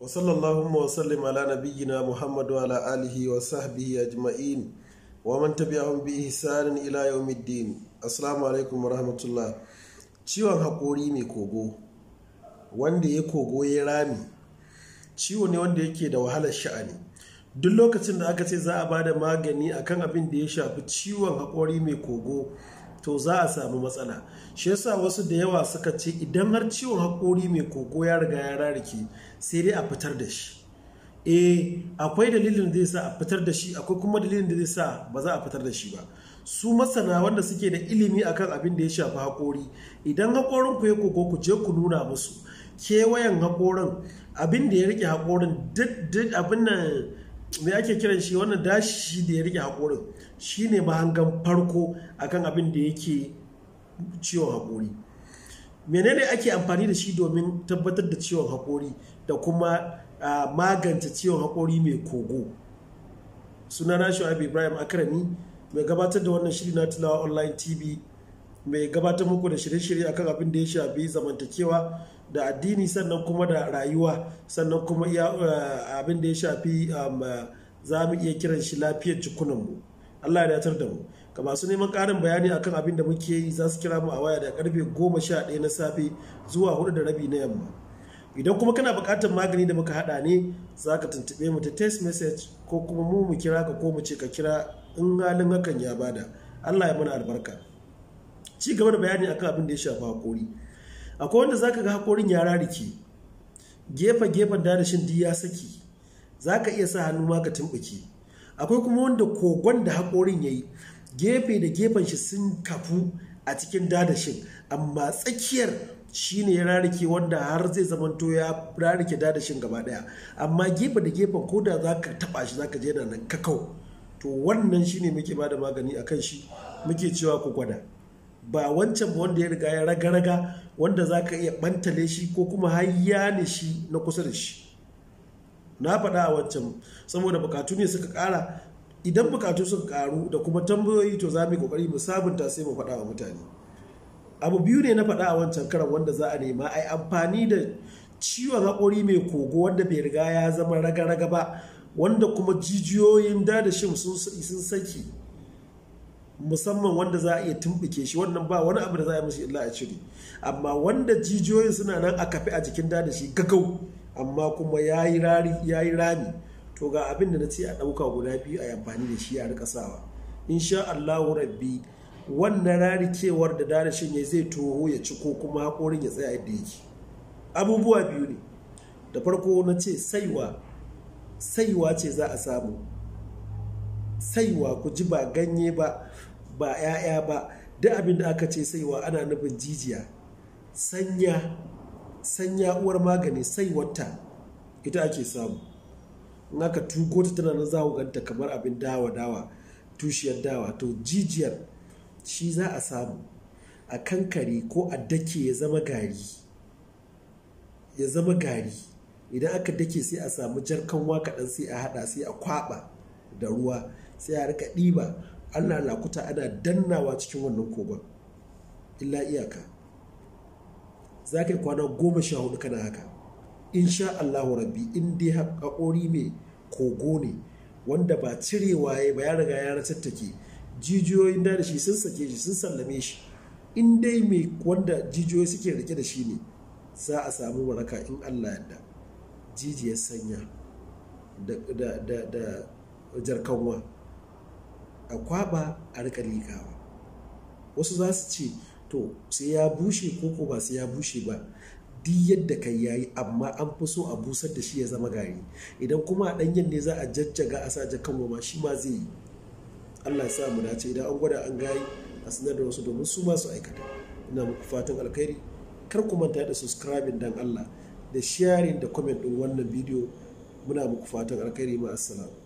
wa wa salim ala nabiyyina muhammadu ala alihi wa sahbihi ajma'in wa man tabi'ahum bi ihsanin ila yawmiddin assalamu alaikum wa rahmatullah ciwon hakori mai kogo wanda ya kogo ya rami ciwo ne wanda yake da wahalar sha'ani duk lokacin da aka ce za a ba da magani akan abin da ya shafi ciwon hakori mai kogo to za a samu matsala shi yasa wasu da yawa suka ce idan har ciwon hakori mai koko ya riga ya rarike sai dai a fitar da shi eh akwai dalilin da zai sa a fitar da shi akwai kuma dalilin da zai sa ba za a fitar da shi ba su masana wanda suke da ilimi akan abin da ya shafi hakori, idan haƙorin ku ya koko ku je ku nuna musu kewayen hakorin, abin da ya rike hakorin, duk abin nan me ake kiran shi wannan dashi da ya rike haƙorin shi ne mahangan farko akan abin da yake ciwon hakori, menene ake amfani da shi domin tabbatar da ciwon haƙori da kuma magance ciwon haƙori mai kogo Suna na shu'aib ibrahim akrami mai gabatar da wannan shiri na tilawa online tv mai gabatar muku da shirye-shirye akan abin da ya shafi zamantakewa da addini sannan kuma da rayuwa sannan kuma eh, abin da ya shafi um, za mu iya kiran shi lafiyar jikunanmu Allah ya datar da mu ga masu neman ƙarin bayani akan abin da muke yi za su kira mu a waya da karfe goma sha ɗaya na safe zuwa hudu da rabi na yamma idan kuma kana buƙatar magani da muka haɗa ne za ka tuntuɓe mu ta test message ko kuma mu mu kira ka ko mu ce ka kira in halin hakan ya bada Allah ya mana albarka ci gaba da bayani akan abin da ya shafa hakori akwai wanda zaka ga hakorin ya rarike gefe gefen dadashin di ya saki zaka iya sa hannu ma ka tumbuke akwai kuma wanda kogon da hakorin yayi gefe da gefen shi sun kafu a cikin dadashin amma tsakiyar shine ya rarike wanda har zai zamanto ya rarike dadashin gaba daya amma gefe da gefen ko da zaka taba shi zaka je nan kakau to wannan shine muke ba da magani akan shi muke cewa ku gwada ba wancan ba wanda ya riga ya raga-raga wanda za ka iya bantale shi ko kuma hayya ne shi na kusa da shi na faɗa a wancan saboda bukatu ne suka ƙara idan bukatu suka karu da kuma tambayoyi to za mu kokari mu sabunta sai mu faɗa wa mutane abu biyu ne na faɗa a wancan karan wanda za a nema ai amfani da ciwon haƙori mai kogo wanda bai riga ya zama raga-raga ba wanda kuma jijiyoyin dadashin sun saki musamman wanda za a iya tumbuke shi wannan ba wani abu da za a yi mashi illa a cire amma wanda jijiyoyin suna nan a kafe a jikin da shi gagau amma kuma ya yi rami to ga abin da na ce a ɗauka guda biyu a yi amfani da shi a rika sawa insha Allahu rabbi wannan rarikewar da shi ya zai toho ya ci ko kuma haƙorin ya tsaya yadda yake abubuwa biyu ne da farko na ce saiwa saiwa ce za a samu saiwa ku ji ba ganye ba ba 'ya'ya ba duk abin da aka ce saiwa ana nufin jijiya sanya sanya uwar magani saiwarta ita ake samu in aka tuko ta tana nan zawo ganta kamar abin dawa dawa tushiyar dawa to jijiyar shi za a samu a kankare ko a dake ya zama gari ya zama gari idan aka dake sai a samu jarkan waka sai a hada sai a kwaba da ruwa sai a rika ɗiba na lakuta ana dannawa cikin wannan kogon illa iyaka za ka yi kwana goma sha hudu kana haka in sha Allahu rabbi in dai haƙori mai kogo ne wanda ba cirewa ya ba ya riga ya rattattake jijiyoyin da shi sun sake shi sun sallame shi in dai mai wanda jijiyoyi suke rike da shi ne za a samu waraka in Allah yadda jijiyar sanya da jarkanwa a kwaba a rika likawa wasu za su ce to sai ya bushe ko ko ba sai ya bushe ba duk yadda kai yayi amma an fi so a busar da shi ya zama gari idan kuma a ɗanyen ne za a jajjaga a sa jakan ma shi ma zai yi allah sa mu dace idan an gwada an gayi a sanar da wasu domin su masu aikata ina muku fatan alkhairi kar ku manta da subscribing dan allah da sharing da comment din wannan bidiyo muna muku fatan alkhairi ma assalamu